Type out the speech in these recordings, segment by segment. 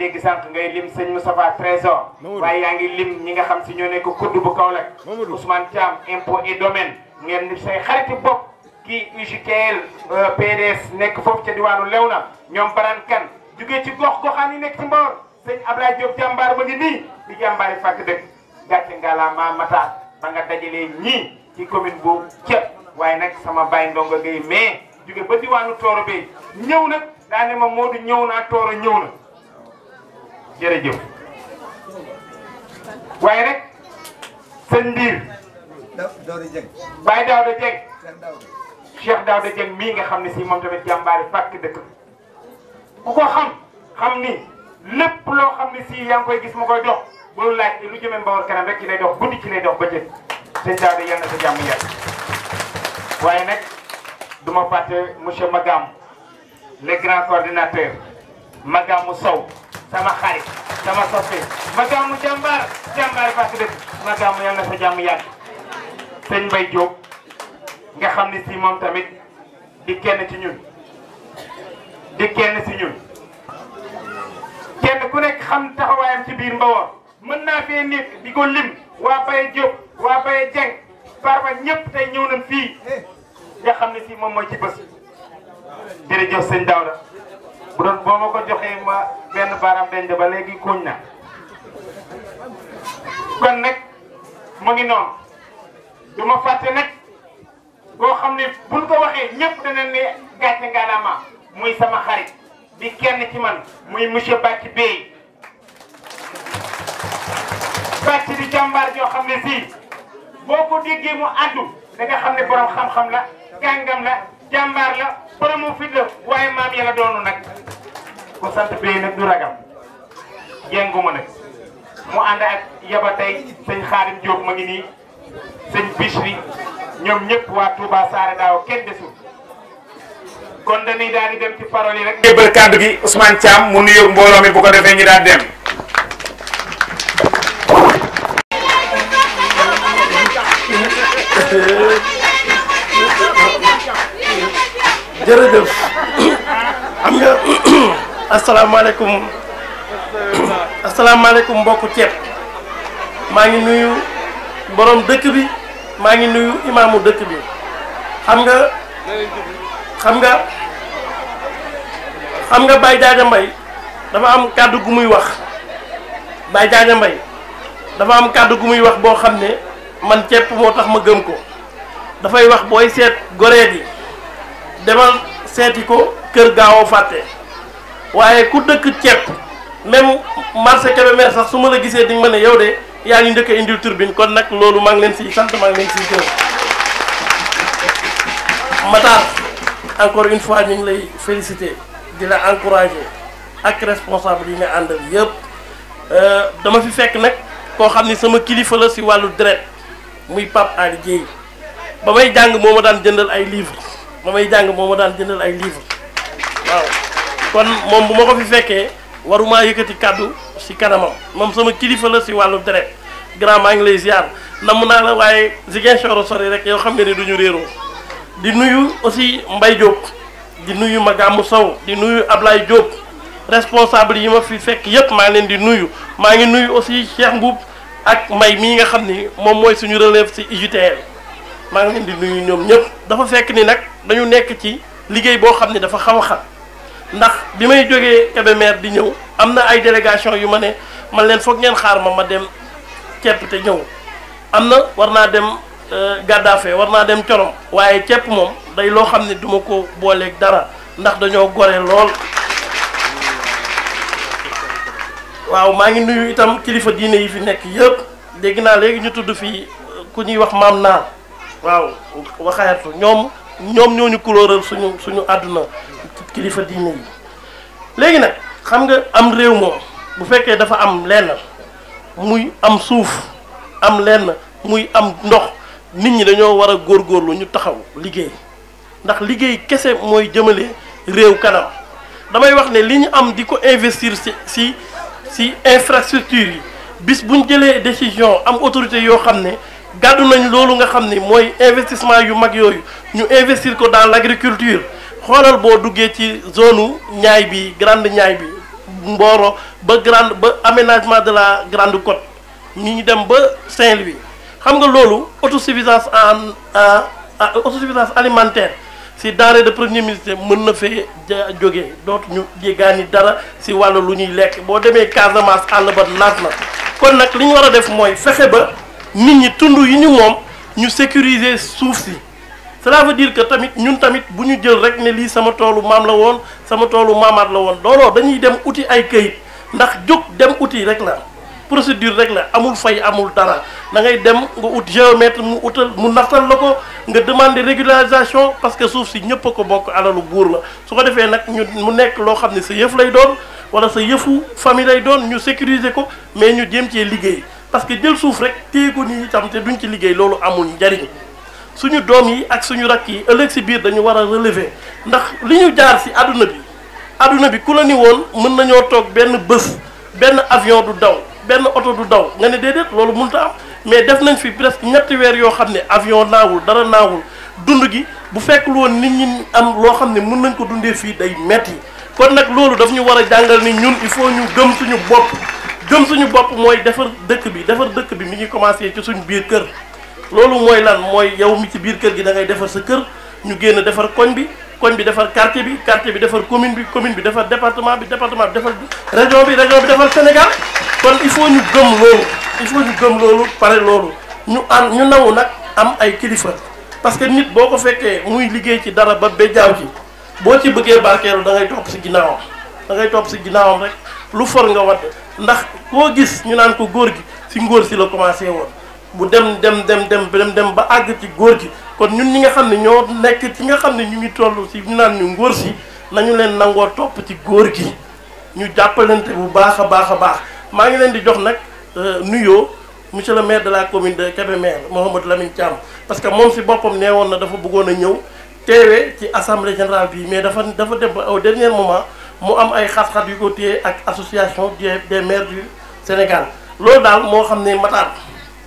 dégg sank ngay lim seigne Moustapha Trésor way ya ngi lim ñi nga xam ci ñoo nekk kudd bu kaw Kaolack Ousmane tiam impôt et domaine ngeen ni say xariti bop ki UGTL euh, PDS nekk foofu ci diwanu lewna ñom baran kan jugee ci gox goxani yi nekk ci Mbor seigne Abdoulaye Diop jambar ma ngi ni di jàmbaari fak dëkk gàcce ngala ma mata ba nga dajalé ñi ci commune bu ci waaye nak sama bay ndongo gay mais jugee ba diwanu toro Bay ñew nak daa ne ma Modou ñew na toro ñew na jërëjëf waaye rek seen mbir. Daouda Dieng. Baye Daouda Dieng. Cheikh Daouda Dieng mii nga xam ne si moom tamit jàmbaari fàkk dëkk ku ko xam xam ni lépp loo xam ne si yaa ngi koy gis mu koy dox bul laaj lu jëmee Mbawar kanam rek ci lay dox guddi ci lay dox bëccëg sëñ Daouda yal na sa jàmm yàgg waaye nag du ma fàtte monsieur Magam le grand coordinateur Magamu Sow. sama xarit sama soppe ma gàmmu jàmbaar jàmbaar parce que ma gàmmu yàlla na sa jàmm yàgg sëñ Mbaye Diop nga xam ni si moom tamit di kenn ci ñun di kenn ci ñun kenn ku nekk xam taxawaayam ci biir Mbawar mën naa fee nekk di ko lim waa Baye Diop waa Baye Dieng Barba ñëpp tey ñëw nañ fii nga xam ne si moom mooy ci bés jërëjëf sëñ Daouda bu doon boo ma ko joxee ma benn baaraam denc ba léegi kuñ na kon nag mu ngi noon du ma fàtte nag boo xam ne buñ ko waxee ñëpp dana ne gàcce ngalaama muy sama xarit di kenn ci man muy monsieur Bàcc Bey Bàcc di jàmbaar joo xam ne sii boo ko déggee mu àddu da nga xam ne borom xam-xam la jàngam la jàmbaar la. borom mu fit la waaye maam yàlla doonu nag ku sant bee nag du ragam jenguma nag mu ànd ak yaba tey sëñ Xaadim ma ngi nii sëñ Bichri ñoom ñëpp waa Touba Saare daaw kenn desul kon dañuy daal di dem ci parole yi rek. jébbal kàddu gi Ousmane Thiam mu nuyoog mbooloo mi bu defee ñu daal dem. jërëjëf am nga asalaamaaleykum asalaamaaleykum mbokku ceeb maa ngi nuyu borom dëkk bi maa ngi nuyu imaamu dëkk bi xam nga xam nga xam nga Baye Jaaja Mbay dafa am kàddu gu muy wax Baye Jaaja Mbay dafa am kàddu gu muy wax boo xam ne man ceeb moo tax ma gëm ko dafay wax booy seet goreet yi demal seeti ko kër gaaw a fàtte waaye ku dëkk ceeb même marché Kébémer sax su ma la gisee di nga ma ne yow de yaa ngi njëkk a indil kon nag loolu mag leen si sant maa ngi leen siy gërëm Matar encore une fois ñu ngi lay féliciter di la encourager ak responsable yi nga àndal yëpp euh, dama fi fekk nag koo xam ni sama kilifa la si wàllu dret muy Pape Ali Dieye ba may jàng moo ma daan jëndal ay livres. ma may jàng moo ma daan jëndal ay livre waaw kon moom bu ma ko fi fekkee warumaa yëkkati kàddu si kanamam moom sama kilifa la si wàllu deret grand maa ngi lay ziar namm naa la waaye Ziguinchor sori rek yoo xam nga ni duñu réeroo di nuyu aussi mbay Diop di nuyu ma Magamu Sow di nuyu Ablaye Diop responsable yi ma fi fekk yépp maa ngi leen di nuyu maa ngi nuyu aussi Cheikh Mboub ak Mbaye mii nga xam ni moom mooy suñu relève si UJTL maa ngi leen di nuyu ñoom ñëpp dafa fekk ni nag dañu nekk ci liggéey boo xam ne dafa xaw xat ndax bi may jógee Kébémer di ñëw am na ay délégation yu ma ne man leen foog ngeen xaar ma ma dem ceeb te ñëw am na war naa dem euh, Gaddafe war naa dem Corom waaye ceeb moom day loo xam ne duma ko booleek dara ndax dañoo gore lool waaw maa ngi nuyu itam kilifa diine yi fi nekk yëpp dégg naa léegi ñu tudd fii euh, ku ñuy wax maam naa waaw waxaayatu ñoom ñoom ñoo ñu kulóoral suñu suñu àdduna kilifa diine yi léegi nag xam nga am réew moom bu fekkee dafa am lenn muy am suuf am lenn muy am ndox nit ñi dañoo war góor góorgóorlu ñu taxaw liggéey ndax liggéey kese mooy jëmale réew kanam damay wax ne li ñu am di ko investir ci ci ci infrastructure yi bis bu ñu jëlee décision am autorité yoo xam ne gàddu nañu loolu nga xam ni mooy investissement yu mag yooyu ñu investir ko dans l' agriculture xoolal boo duggee ci zone ñaay bi grande ñaay bi Mboro ba grande ba aménagement de la grande côte ñu ñu dem ba Saint-Louis xam nga loolu autosuffisance en a autosuffisance alimentaire si denrée de premier ministre mën na fee ja jógee dootu ñu jéggaani dara si wàllu lu ñuy lekk boo demee Casamance àll ba naat na kon nag li ñu war a def mooy fexe ba. nit ñi tundu yi ñu mom ñu sécuriser souf ci cela veut dire que tamit ñun tamit bu ñu jël rek né li sama tolu mam la won sama tolu mamat la won looloo dañuy dem outil ay këyit ndax juk dem outil rek la procédure rek la amul fay amul dara da ngay dem nga ut géomètre mu utal mu nattal lako nga demander régularisation parce que souf ci ñepp ko bokk alalu buur la su ko défé nak ñu mu nekk lo xamni sa yef lay doon wala sa yefu famille lay doon ñu sécuriser ko mais ñu jéem ci liguey parce que jël suuf rek téye ko nii tam te duñ ci liggéey loolu amul njariñ suñu doom yi ak suñu rakk yi ëllëg si biir dañu war a relever ndax li ñu jaar si àdduna bi àdduna bi ku la ni woon mën nañoo toog benn bës benn avion du daw benn oto du daw nga ne déedéet loolu munta am mais def nañ fi presque ñetti weer yoo xam ne avion naawul dara naawul dund gi bu fekkul woon nit ñi am loo xam ne mën nañ ko dundee fii day metti kon nag loolu daf ñu war a jàngal ni ñun il faut ñu gëm suñu bopp gëm suñu bopp mooy defar dëkk bi defar dëkk bi mu ngi commencé ci suñu biir kër loolu mooy lan mooy yow mi ci biir kër gi da ngay defar sa kër ñu génn defar koñ bi koñ bi defar quartier bi quartier bi defar commune bi commune bi defar département bi département bi defar région bi région bi defar Sénégal kon il faut ñu gëm loolu il faut ñu gëm loolu pare loolu ñu am ñu nangu nag am ay kilifa parce que nit boo ko fekkee muy liggéey ci dara ba bejjaaw ci boo ci bëggee barkeelu da ngay topp si ginnaawam da ngay topp si lu for nga wadd ndax ko gis ñu naan ko goor gi ci ngor ci la commencé won bu dem dem dem dem dem dem ba ag ci goor gi kon ñun ñi nga xamni ne ñoo nekk ci nga xamni ñu ngi tollu ci ñu naan ñu ngor ci nañu leen nango top ci goor gi ñu jappalante bu baaxa baaxa baax ma ngi leen di jox nak euh, nuyo monsieur le maire de la commune de Kébémer Mohamed Lamine Thiam parce que mom ci bopam nee na dafa bëggona a ñëw teewee ci assemblée générale bi mais dafa dafa dem au dernier moment mu am ay xat-xat yu ko téye ak association des maires du Sénégal loolu daal moo xam ne Matar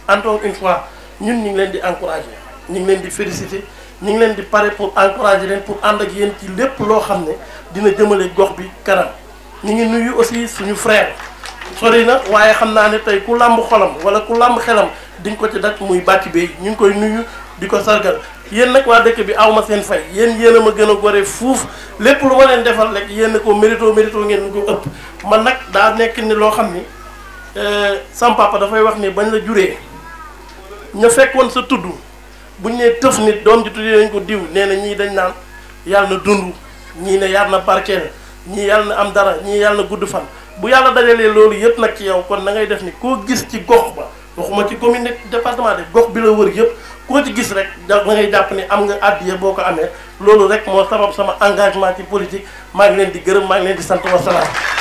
encore une fois ñun ñu ngi leen di encourager ñu ngi leen di féliciter ñu ngi leen di pare pour encourager leen pour ànd ak yéen ci lépp loo xam ne dina jëmale gox bi kanam ñu ngi nuyu aussi suñu frère sori na waaye xam naa ne tey ku lamb xolam wala ku lamb xelam di ko ci dat muy bàcc bi ñu ngi koy nuyu di ko sargal yéen nag waa dëkk bi awma seen fay yéen yéen a ma gën a gore fuuf lépp lu ma leen defal rek yéen ko mérito mérito ngeen ko ëpp man nag daa nekk ni loo xam ni euh, sam dafay wax ni bañ la juree ña fekkoon sa tudd buñ nee tëf nit doom ji tuddee nañ ko diw nee na ñii dañ naan yàlla na dund ñii ne yàlla na barkeel ñii yàlla na am dara ñii yàlla na gudd fan bu yàlla dajalee loolu yëpp nag ci yow kon na ngay def ni koo gis ci gox ba waxuma ci commune département de gox bi la wër yëpp ko ci gis rek da jàpp ni am nga àddiya boo ko amee loolu rek moo sabab sama engagement ci politique maa leen di gërëm maa ngi leen di sant wasalaam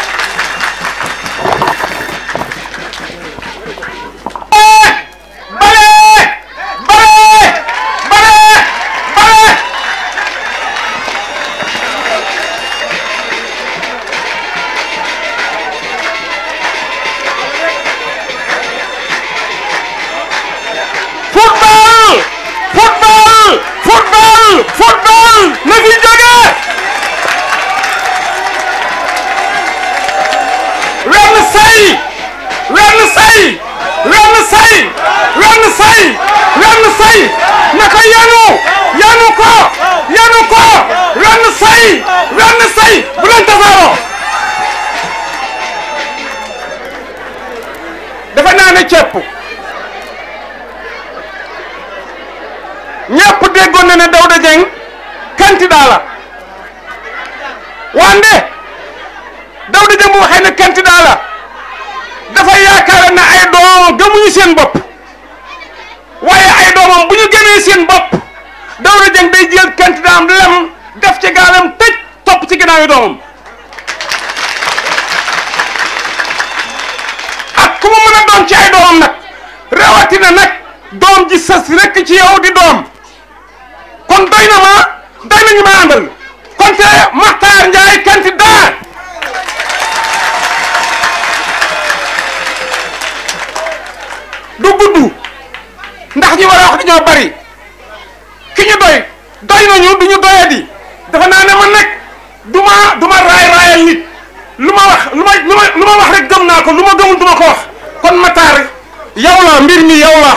say wenn say wenn say wenn say wenn say na ko yanu ko yanu ko wenn say wenn say bu leen tasaaroo dafa naa ne cepp ñëpp déggoon na ne Daouda Dieng candidat la wande Daouda Dieng bu waxee ne candidat la dafa yaakaar ne ay doomam gëmuñu seen bopp waaye ay doomam bu ñu gëmee seen bopp Daouda Dieng day jël candidat am lem def ci gaalam tëj topp ci ginnaaw yu doomam ak ku mu mën a doon ci ay doomam nag rawatina nag doom ji sës rekk ci yow di doom kon doy na ma doy nañu ma àndal kon te Makhtar Ndiaye candidat du gudd ndax ñi war a wax dañoo bari ki ñu doy doy nañu du ñu doyadi dafa naa ne man nag du raay raayal nit wax lu ma lu wax rek gëm naa ko lu ko wax kon Matar yow la mbir mi moom la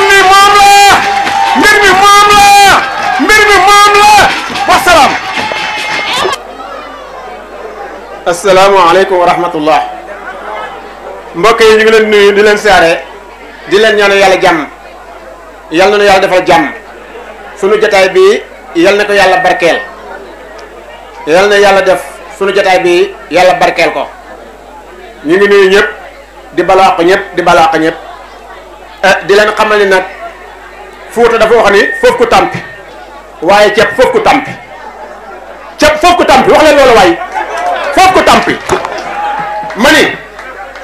mbir moom la mbir moom la wasalaam. asalaamualeykum wa mbokk ñu ngi leen nuyu di leen siyaare di leen ñaanal yàlla jàmm yal na nu yàlla defal jàmm sunu jotaay bi yal na ko yàlla barkeel yal na yàlla def sunu jataay bi yàlla barkeel ko ñu ngi nuyu ñëpp di balaax ñëpp di balaax ñëpp eh, di leen xamal ni nag Fuuta dafa wax ni foofu ku tàmpi waaye ceeb foofu ku tàmpi ceeb foofu ku tàmpi wax leen loolu waaye foofu ku tàmpi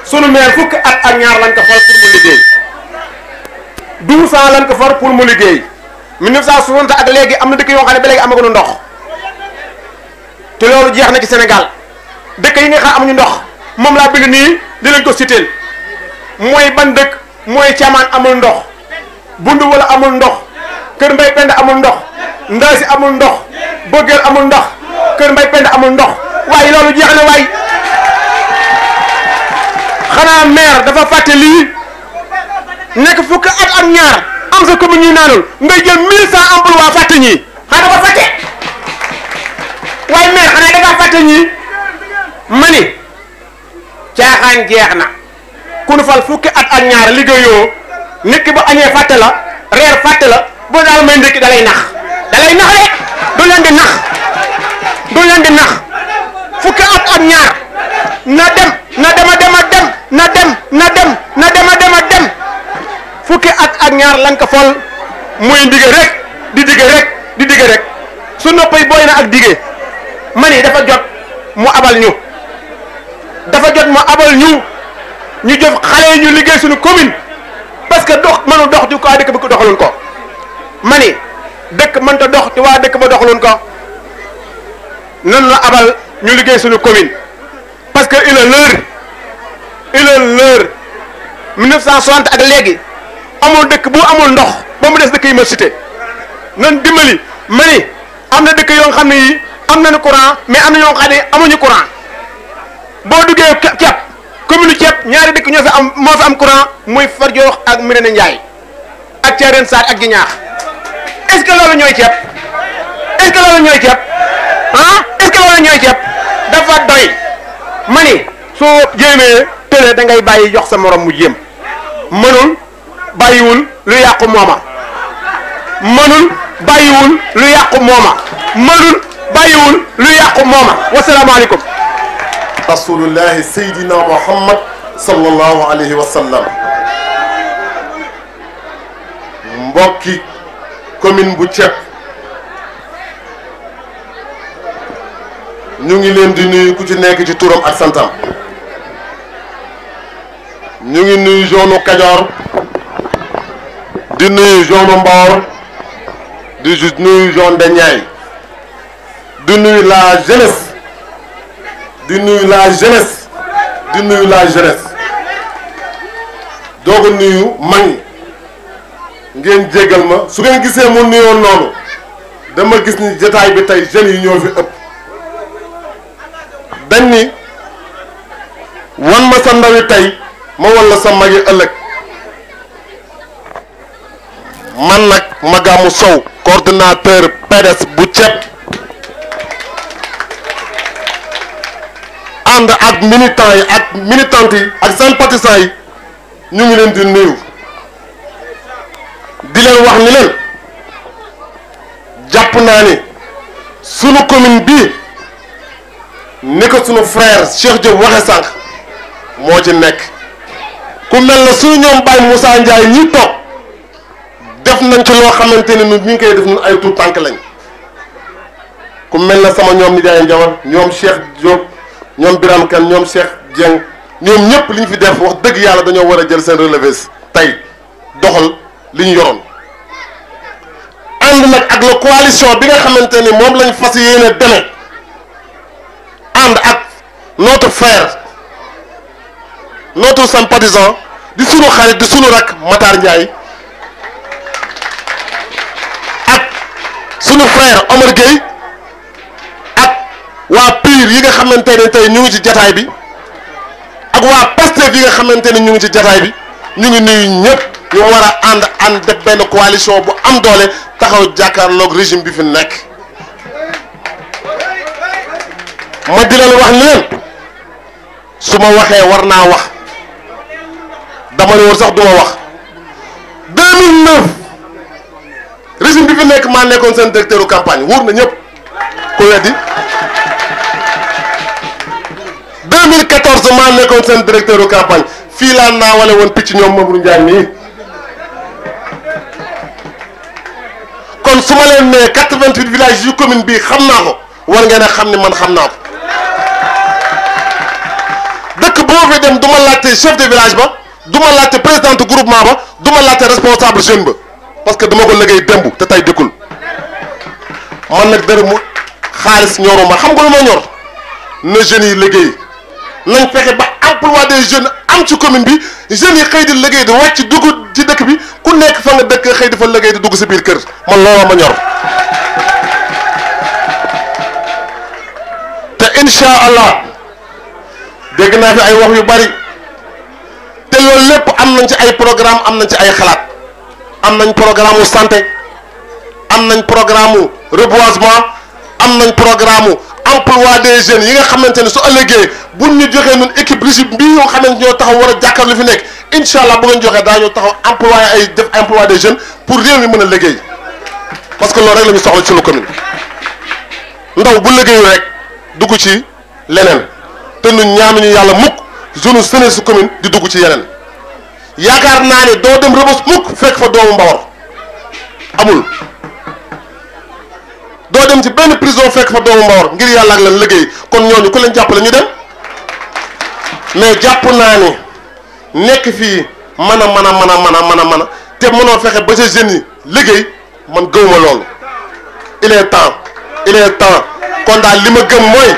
sunu maire fukk at ak ñaar lañ ko far pour mu liggéey 12 ans lañ ko far pour mu liggéey 1960 ak léegi am na dëkk yoo xam ne ba léegi amaguñu ndox te loolu jeex na ci Sénégal dëkk yi nga xam amuñu ndox moom laa bind nii di lañ ko citeel mooy ban dëkk mooy caamaan amul ndox bund wala amul ndox kër mbay pend amul ndox ndaasi amul ndox bëggeel amul ndox kër mbay pend amul ndox waaye loolu jeex na waaye xanaa maire dafa fàtte lii nekk fukk at ak ñaar am sa commune ñu naanul ngay jël 1100 emploi fàtte ñii xanaa dafa fàtte waaye maire xanaa dafa fàtte ñii ma ni jeex na ku fal fukki at ak ñaar liggéeyoo nekk ba añee fàtte la reer fàtte la boo daal may ndékki dalay nax dalay nax rek du di nax du di nax fukki at ak ñaar na dem na dem fukki at ak ñaar lañ ko fol muy ndige rek di digge rek di digge rek su noppay booy na ak digge mani dafa jot mu abal ñu dafa jot mu abal ñu ñu jëf xalé ñu liggé suñu commune parce que dox manu dox ci ko dëkk bi ko doxaloon ko mani man ta dox ci wa dekk ba doxaloon ko nan la abal ñu liggé suñu commune parce que il est l'heure il est l'heure 1960 ak légui amul dëkk bu amul ndox ba mu des dëkk yi ma cité nan dimbali ma am na dëkk yoo nga xam ne yi am nañu courant mais am na ñoo xam amuñu courant boo duggee ceeb commune ceeb ñaari dëkk ñoo fi am moo fi am courant muy Farjoox ak Mirena Ndiaye ak Thiarène Sarr ak Guignaax est-ce que loolu ñooy ceeb est-ce que loolu ñooy ceeb ah dafa doy ma soo jéemee tële da ngay bàyyi jox sa morom mu jéem mënul bàyyiwul lu yàqu mooma mënul bàyyiwul lu yàqu mooma mënul bàyyiwul lu yàqu mooma wasalaamaaleykum rasulullahi saydina muhammad sallallahu alayhi wa mbokki commune bu Thiep ñu leen di nuyu ku ci nekk ci turam ak santam ñu ngi Kajoor di nuyu Jean de Mbor di nuyu Jean de Ndiaye di nuyu la jeunesse di nuyu la jeunesse doo ko nuyu mag ngeen jéggal ma su ngeen gisee mu nuyoon noonu dama gis ni jataay bi tey jeunes yu ñoo fi ëpp dañ ni wan ma sa ndawi tey ma walla sa magi ëllëg man nag magamu Sow coordonnateur PDS bu ceeb ànd ak militants yi ak militantes yi ak seen partisans yi ñu ngi leen di nuyu di leen wax ni leen jàpp naa ni sunu commune bii ni ko sunu frère Cheikh Diop waxe sànq moo ci nekk ku mel na sunu ñoom Baye Moussa Ndiaye ñi toog def nañ ci loo xamante ne ñun ñu ngi koy def ñun ay tuut tànk lañ ku mel na sama ñoom Ndiaye Ndiawar ñoom Cheikh Diop ñoom Birame Kane ñoom Cheikh Dieng ñoom ñëpp li ñu fi def wax dëgg yàlla dañoo war a jël seen relevé tey doxal li ñu yoroon. ànd nag ak la coalition bi nga xamante ni moom lañ fas yéene demee ànd ak notre frère notre sympathisant di sunu xarit di suñu rak Matar Ndiaye. suñu frère Omar Gueye ak waa piir yi nga xamante ne tey ñu ngi ci jataay bi ak waa Pastef yi nga xamante ne ñu ngi ci jataay bi ñu ngi nuyu ñëpp ñoo war a ànd ànd def benn coalition bu am doole taxaw jàkkaarloog régime bi fi nekk ma di leen wax ni su ma waxee war naa wax dama ne woon sax du ma wax 2009 régime bi fi nekk maa nekkoon seen directeur campagne wóor na ñëpp ku di 2014 maa nekkoon seen directeur campagne fii laa naawale woon picc ñoom Mamadou Ndiaye nii kon su ma leen nee 88 villages yu commune bi xam naa ko war ngeen a xam ni man xam naa ko dëkk boo fi dem du ma laajte chef de village ba du ma laajte présidente groupement ba du ma laajte responsable jeune ba. parce que dama ko liggéey dembu te tay dekul man nak dara mu ñoro ma xam nga lu ñor ne jeune yi liggéey lañ fexe ba emploi des jeunes am ci commune bi jeune yi xëy di liggéey di wàcc dugg ci dëkk bi ku nekk fa nga dëkk xëy di fa liggéey di dugg sa biir kër man looloo ma ñor te insha allah dégg naa fi ay wax yu bari te loolu lépp am nañ ci ay programme am nañ ci ay xalaat am nañ programme santé am nañ programme reboisement am nañ programme emploi des jeunes yi nga xamanteni su ëllëgee buñ ñu joxee ñun équipe rigide bii yoo xamante ñoo taxaw war a jàkkaarloo fi nekk incha allah bu ngeen joxee daañoo taxaw emploi ay def emploi des jeunes pour réew mi mën a liggéey parce que loolu rek la ñu soxla ci lu commune ndaw bu liggéeyu rek dugg ci leneen te ñun ñu yàlla mukk zone su commune di dugg ci yeneen. yaakaar naa ne doo dem rëbës mukk fekk fa doomu mbawar amul doo dem ci benn prison fekk fa doomu mbawar ngir yàlla ak lan liggéey kon ñooñu ku leen jàppale ñu dem mais jàpp naa ne nekk fii mën a mën a mën a mën a mën a mën a te mënoo fexe ba sa jeunes yi liggéey man gëwuma loolu il est temps il temps kon daal li ma gëm mooy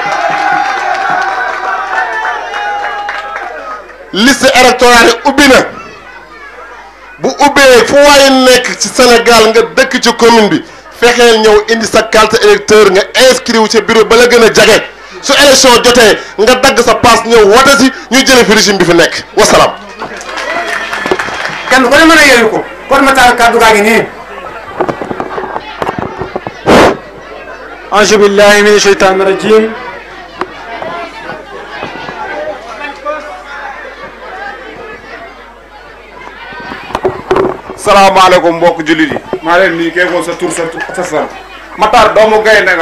liste électorale yi ubbi na bu ubbee fu waaye nekk ci Sénégal nga dëkk ci commune bi fexeel ñëw indi sa carte électeur nga inscrit wu ca bureau ba la gën a jage su élection jotee nga dagg sa paas ñëw wote si ñu jële fi régime bi fi nekk wasalaam. kenn ku ne mën a yeewu ko kon Matar kàddu gaa ngi nii. auzu billahi mina shaytaani rajim salaamaaleykum mbokk jullit yi. maa leen nii kay ko sa tur sa sa Matar doomu gaynde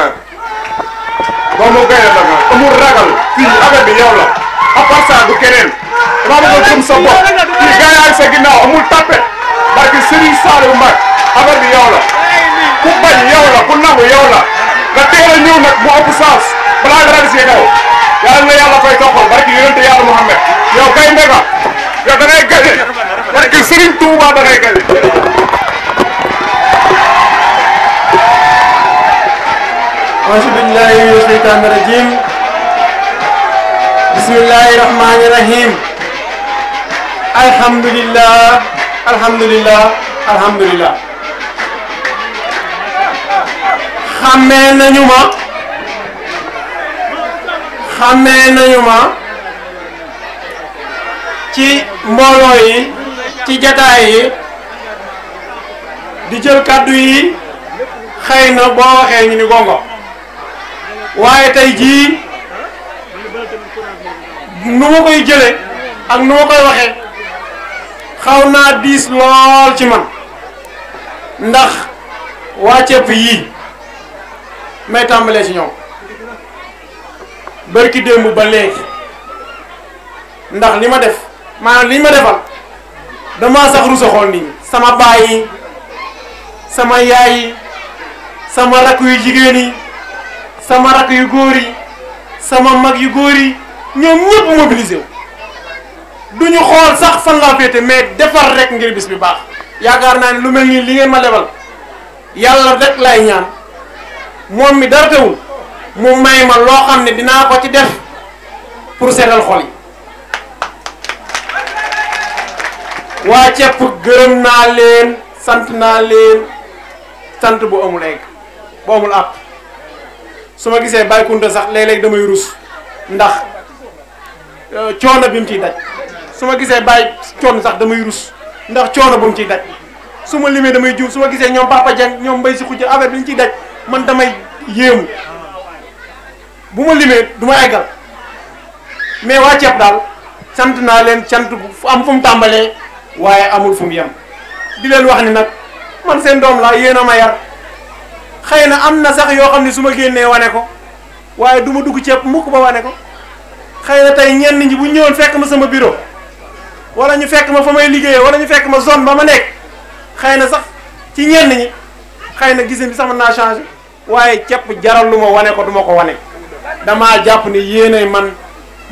doomu gaynde la nga amul ragal fii affaire bi yow la à part keneen dama bëgg gëm sa sa ginnaaw amul tapet barki ku bañ yow ku nangu yow la nga teel a nag mu ëpp chance balaa nga ràññee kaw yàlla na yàlla fay toppal barki yonente yàlla Muhammad yow gaynde nga yow da ngay gaynde parce que Serigne Touba da ngay gañe auzu billahi mina sheytaani rajim bismillahi rahmani rahim alhamdulillah alhamdulillah alhamdulillah xàmmee nañu ma xàmmee nañu ma ci mbooloo yi ci jataay yi di jël kàddu yi xëy na boo waxee ñu ni gongo waaye tey jii nu ma koy jële ak nu ma koy waxee xaw naa diis lool ci man ndax waa ceeb yii may tàmbalee ci ñoom bërki démb ba léegi ndax li ma def maanaam li ma defal dama sax rusa xool ni sama bayi, sama yaay sama rak yu jigéen yi sama rak yu góor yi sama mag yu góor yi ñoom ñëpp mobilisé wu duñu xool sax fan la fété mais defar rek ngir bis bi baax yaakaar naa ne lu mel li ngeen ma lebal yàlla rek lay ñaan moom mi dara teewul mu may ma loo xam ko ci def pour seetal xol yi waa cepp gërëm naa leen sant naa leen sant bu amul egg bu amul àpp su ma gisee Baye Kounta sax léeg-léeg damay rus ndax euh, coono bi mu ciy daj su ma gisee Baye coono sax damay rus ndax coono bu mu ciy daj su ma limee damay juum su ma gisee ñoom baax Papa Dieng ñoom Mbaye si xujja affaire bi ñu ci daj man damay yéemu bu ma limee du ma eggal mais waa ceeb daal sant naa leen sant bu am fu mu tàmbalee waaye amul fu mu yem di leen wax ni nag man seen doom laa yéen a ma yar xëy na am na sax yoo xam ne su ma génnee wane ko waaye du ma dugg ceeb mukk ba wane ko xëy na tey ñenn ñi bu ñëwoon fekk ma sama bureau wala ñu fekk ma fa may liggéeyee wala ñu fekk ma zone ba ma nekk xëy na sax ci ñenn ñi xëy na gisin bi sama mën naa changé waaye ceeb jaral lu ma wane ko duma ko wane damaa jàpp ni yéenay man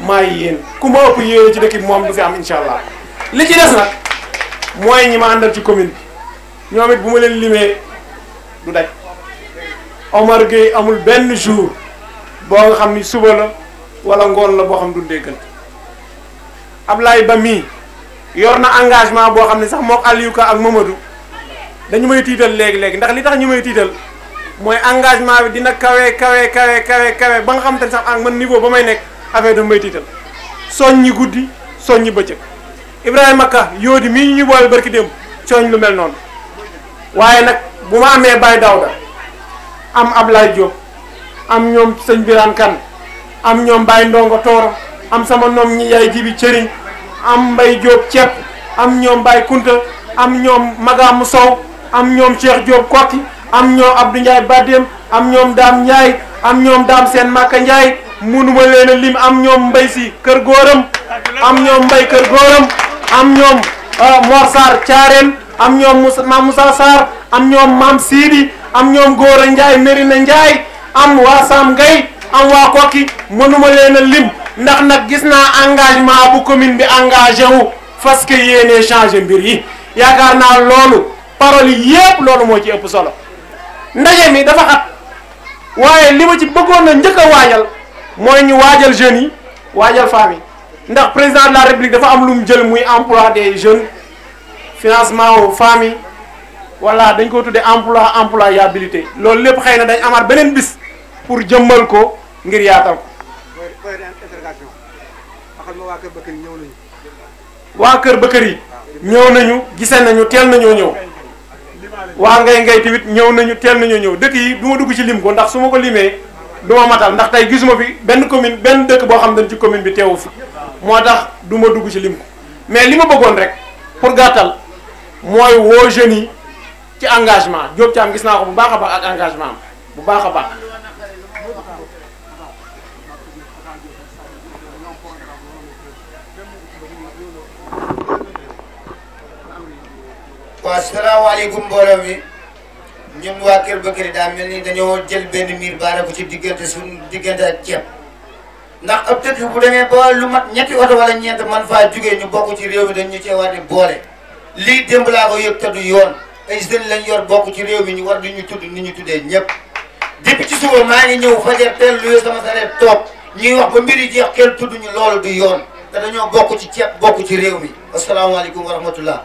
maay yéen ku ma ëpp yéene ci dëkk moom du fi am incha allah li ci des nag. mooy ñi ma àndal ci commune bi ñoom it bu ma leen limee du daj Omar Gueye amul benn jour boo nga xam ni suba la wala ngoon la boo xam du déggante Ablaye Ba mii yor na engagement boo xam ne sax moo Aliou Ka ak dañu may tiital léegi-léegi ndax li tax ñu may tiital mooy engagement bi dina kawe kawe kawe kawe kawe ba nga xam te sax ak man niveau ba may nekk affaire dafa may tiital ñi guddi soñ soññi bëccëg Ibrahima Ka yoodi mii ñu ñu ki barki démb cooñ lu mel noonu waaye nag bu ma amee Baye Daouda am Ablaye Diop am ñoom sëñ Birane Kane am ñoom bay Ndongo Tooro am sama noom ñi yaay jibi cëriñ am Mbaye Diop ceeb am ñoom Baye Kunta am ñoom Magamu Sow am ñoom Cheikh Diop Kokki am ñoom Abdou Ndiaye Badem am ñoom Dame Ndiaye am ñoom Dame Sène Maka Ndiaye munuma leen lim am ñoom mbay si kër góoram am ñoom Mbaye kër góoram am ñoom euh, Mor Sarr Thiarène am ñoom Moussa Mame Moussa Sarr am ñoom Mame Sidi am ñoom Gora Ndiaye Merina Ndiaye am waa Sam Ngay am waa Kokki mënuma leen a lim ndax nag gis naa engagement bu commune bi engagé wu parce que yéenee changé mbir yi yaakaar naa loolu parole yi yépp loolu moo ci ëpp solo ndaje mi dafa xat waaye li ma ci bëggoon na njëkk a waajal mooy ñu waajal jeunes yi waajal femmes ndax président de la république dafa am lu mu jël muy emploi des jeunes financement aux familles wala dañ ko tuddee emploi employabilité loolu lépp xëy na dañ amaat beneen bis pour jëmmal ko ngir yaatal ko. waa Kër ba kër yi ñëw nañu gisee nañu teel nañoo ñëw waa ngay ngay tamit ñëw nañu teel nañoo ñëw dëkk yi du ma dugg ci lim ko ndax su ma ko limee du ma matal ndax tey gisuma fi benn commune benn dëkk boo xam dañ ci commune bi teewu fi moo tax du ma dugg ci lim ko mais li ma bëggoon rek pour gàttal mooy woo jeunes ci engagement Diop Thiam gis naa ko bu baax a baax ak engagement bu baax a baax. waaw salaamaaleykum mbooloo mi ñun waa Kër Bakary daa mel ni dañoo jël benn miir baare ko ci diggante suñu diggante ak ceeb. ndax ab dëkk bu demee ba lu mat ñetti oto wala ñeent man faa jugee ñu bokk ci réew mi dañ ñu ceewaate boole lii démb laa ko yëg tëdd yoon ay jeunes lañ yor bokk ci réew mi ñu war di ñu tudd ni ñu tuddee ñëpp depuis ci suba maa ngi ñëw fajar teel luye sama sareet toog ñuy wax ba mbir yi jeex kenn tudd ñu loolu du yoon te dañoo bokk ci ceeb bokk ci réew mi asalaamaaleykum wa rahmatullah